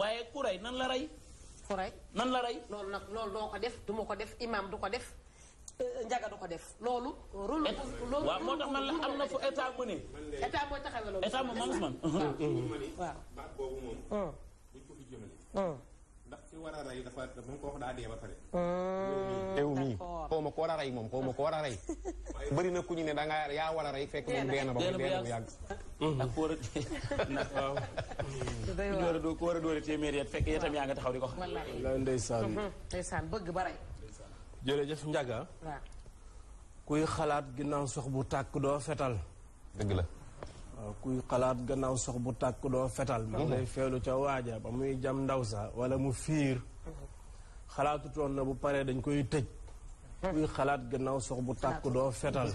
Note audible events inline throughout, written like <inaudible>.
waaye ku rey nan la rey. ku rey nan la rey. loolu nag loolu doo ko def du ma ko def imaam du ko def. Euh, njaga du ko def loolu. rôle loolu waaw moo tax man la am na fu état mu ne. état mooy man waaw war a rey koo wax daa ah. <laughs> ku ñu ne da ngaa yaa war a rey fekk moom dee ba mu dee bu yàgg. <laughs> <laughs> ku war a nag waaw. day waar yaa nga taxaw di ko xam. Mhm. ndeysaan. bëgg ba rey. jërëjëf Ndiaga. waaw. kuy xalaat ginnaaw sox bu tàkk doo fetal. dëgg la. Euh, kuy xalaat gannaaw sox bu tàkk doo fetal ma mhm. ngay feelu ca waaja ba muy jam ndaw sa wala mu fiir mhm. xalaatu toon na bu paree dañ koy tëj mhm. kuy xalaat gannaaw sox bu tàkk doo fetal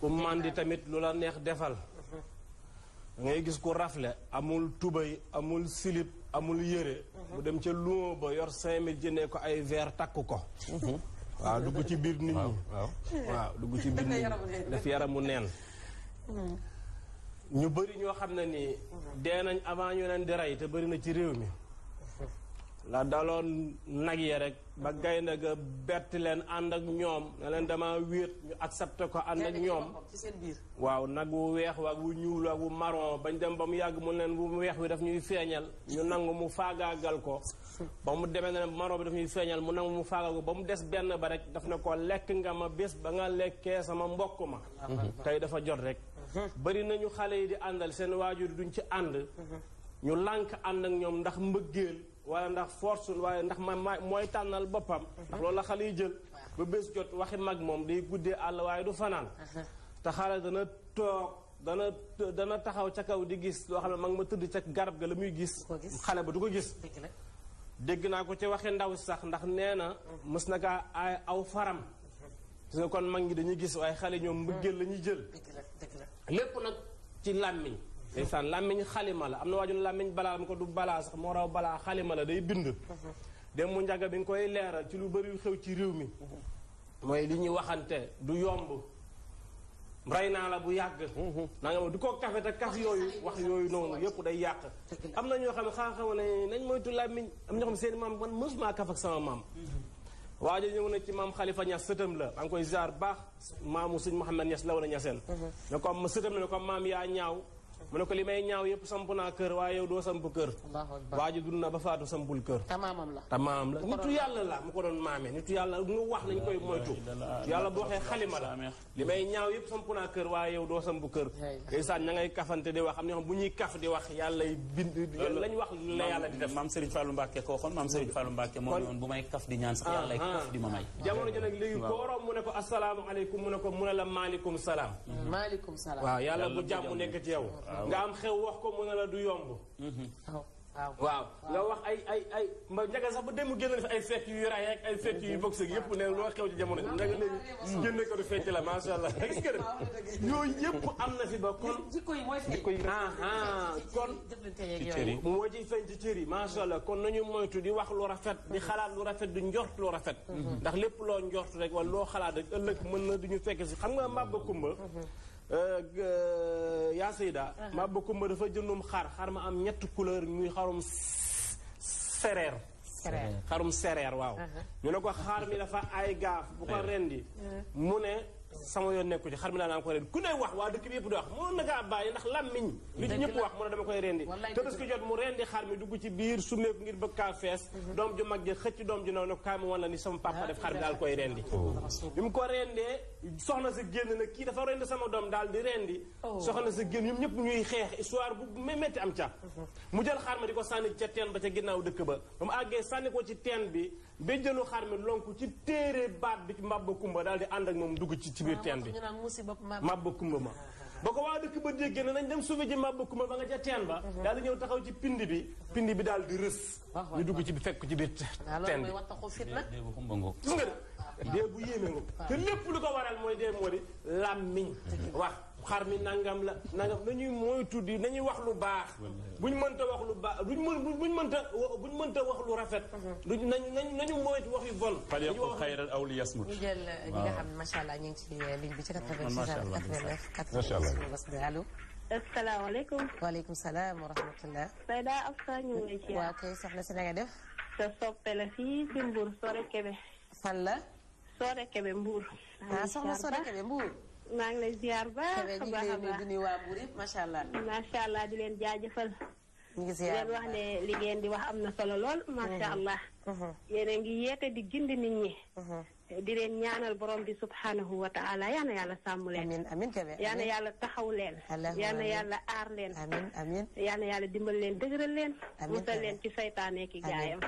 ku màndi tamit lu la neex defal da ngay gis ku rafle amul tubay amul silip amul yére bu dem ca luuma ba yor cinq mille ko ay veer takk ko waaw dugg ci biir nit ñi waaw dugg ci biir <laughs> nit ñi daf yaramu neen Hmm. ñu bëri ñoo xam ne ni. Hmm. dee nañ avant ñu leen di rey te bëri na ci réew mi. la daloo nag ya rek ba gaynde ga bett leen ànd ak ñoom ne leen dama wéet ñu accepté ko ànd ak ñoom waaw nag wu weex waak wu ñuul waak wu maro bañ dem ba mu yàgg mu leen bu weex wi daf ñuy feeñal ñu nang mu faagaagal ko ba mu demee leen maro bi daf ñuy feeñal mu nangu mu faagal ko ba mu des benn ba rek daf ne ko lekk nga ma bés ba nga lekkee sama mbokk ma tey dafa jot rek bari nañu xale yi di àndal seen waajur duñ ci ànd mhm. ñu lànk ànd ak ñoom ndax mbëggeel wala ndax force waaye ndax ma ma mooy tànnal boppam ndax loolu la xale yi jël ba bés jot waxi mag moom day guddee àll waaye du fanaan uh-huh. te xale dana toog dana dana taxaw ca kaw di gis loo xam ne mag ma tëdd ca garab ga la muy gis xale ba du ko gis dégg naa ko ci waxi ndaw sax ndax nee na mm-hmm. mës na kaa ay aw faram parce mm-hmm. que kon mag ñi dañuy gis waaye xale ñoom mbëggeel la ñuy jël lépp nag ci làmmiñ ndeysaan làmmiñ xalima la am na waajun làmmiñ balaa mu ko du balaa sax moo raw balaa xalima la day bind dem mu njaga bi nga koy leeral ci lu bëri xew ci réew mi mooy li ñuy waxante du yomb rey naa la bu yàgg naa nga ma ko kafe te kaf wax yooyu noonu yëpp day yàq am na ñoo xam ne xaaxam ne nañ moytu làmmiñ am ñoo xam seen maam ci maam Khalifa Niass sëtam la maa koy ziar baax maamu sëñ Mouhamed Niass law na Niassène ne ko am sëtam la ne ko maam yaa ñaaw mu ne ko li may ñaaw yëpp samp naa kër waaye yow doo samp kër waa ji dund na ba faatu sampul kër tamaamam la tamaamam la nitu yàlla la mu ko doon maame nitu yàlla lu wax lañ koy moytu yàlla bu waxee xalima la li may ñaaw yëpp samp naa kër waaye yow doo samp kër ndeysaan ña ngay kafante di wax am ñoo bu ñuy kaf di wax yàlla bind lañ wax la yàlla di def maam Serigne Fallou ko waxoon maam Serigne Fallou Mbacke moo ne ah, ah. ma may jamono ji nag léegi mu ne ko asalaamaaleykum mu ne ko mu ne la maaleykum salaam maaleykum salaam waaw yàlla bu jàmm nekk ci yow nga am xew wax ko mu ne la du yomb. Mhm. waaw nga wax ay ay ay mba njaga sax ba démb génn na fi ay fecc yu raay ay fecc yu boxe yëpp ne loo xew ci jamono njaga léegi génne ko du fecc la macha allah am na fi ba kon jikko yi mooy feeñ aha kon moo ciy feeñ ci cër yi macha allah kon nañu moytu di wax lu rafet di xalaat lu rafet du njort lu rafet mhm. ndax lépp loo njort rek wala loo xalaat rek ëllëg mën na duñu fekk si xam nga mbàbba kumba mhm. Euh, yaa sayda maa bokkumba dafa jëndum xar xar ma am ñetti couleur ñuy xarum sereer xarum sereer waaw ñu ne ko xaar mi dafa ay gaaf bu ko rendi mu ne sama yoon nekku ci xar mi naa naa ko rendi ku ne wax waa dëkk bi yëpp di wax mënoon na ngaa bàyyi ndax làmmiñ li ci ñëpp wax mu ne dama koy rendi tabaski jot mu rendi xar mi dugg ci mhm. ko kaay mu wan la ni sama ah, oh. soxna sa génn na kii dafa rendi sama doom daal di rendi oh. soxna sa génn ñoom ñëpp ñuy xeex histoire bu métti am ca mhm. mu jël xar ma di ko sànni ca teen ba ca ginnaaw dëkk ba ba mu àggee sànni ko ci teen bi ba jëlu xar mi lonku ci téere baat bi ci mbàbba kumba daal di ànd ak moom dugg ci ci biir teen bi mabba kumba ma ba ko waa dëkk ba déggee ne nañ dem suufe ji mabba kumba ba nga ca teen ba mhm. daal di ñëw taxaw ci pind bi pind bi daal di rës ñu dugg ci bi fekk ci biir ah, teen bi gis nga dee bu yéeme te lépp lu ko waral mooy dee moo di làmmiñ wax xar mi nangam la nangam nañuy mooy tuddi nañuy wax lu baax buñ mënta wax lu baax duñ mën buñ mënta buñ mënta wax lu rafet mhm. duñ nañ nañu moytu wax yu bon falyaqul xayran aw liyasmut ñu jël ñi nga xam ne macha allah ñu ngi ci ligne bi ci 89 89 allo asalaamaaleykum waaleykum salaam wa rahmatullah Seyda Afsa ñu ngi lay ci waaw kay soxna si na nga def sa soppe la fii ci Mbour Sore Kébé fan la Sore Kebe Mbour ah soxna Sore Kebe Mbour maa ngi lay ziar baax a baax a allah. macha allah di leen jaajëfal. ñu ngi ziar leen wax ne li ngeen di wax am na solo lool. macha mhm. allah. Mhm. yéen ngi yeete di gindi nit ñi. Mhm. di leen ñaanal borom di subhanahu wa ta'ala yal yàlla sàmm leen. amiin amiin Kébé yal yàlla taxaw leen. yal na yàlla aar leen. amiin amiin yàlla dimbal leen dëgëral leen. amiin musal leen ci seytaane ki gaayam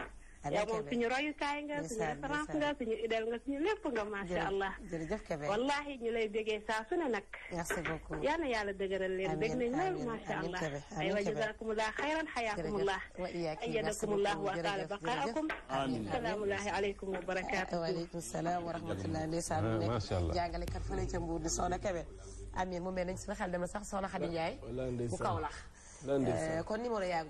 yow moom suñu royukaay nga suñu référence nga suñu idéal nga suñu lépp nga macha allah jërëjëf Kébé wallahi ñu lay bégee saa su ne nag merci beaucoup yal na yàlla dëgëral leen bég nañ lool macha allah aywa jazakumullah xayran xayaakumullah wa iyaakum ayyadakumullah wa taala baqaakum amiin salaamullahi aleykum wa barakaatu waaleykum salaam wa rahmatullah ndeysaan eh, nekk jàngalekat fële ca Mbuur di Soxna Kébé amiin mu mel nañ suñu xel dama sax Soxna Xadi Njaay bu Kawlax kon numéro yaa